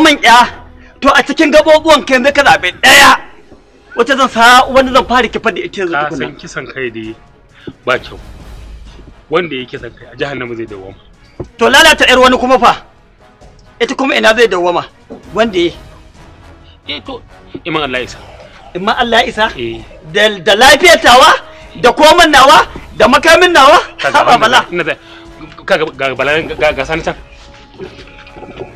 min ya to a cikin gabobuwan ka yanzu ka zabe daya wacce zan sa wanda zan fara kifa da ita yanzu tukuna san kisan kai dai ba kyau wanda yake kisan kai a jahannama zai dawoma to lalata yar wani kuma fa ita kuma ina zai dawoma wanda ya eh to iman Allah isa iman Allah isa eh. da da lafiyar tawa da koman nawa da makamin nawa ha bala ga ga can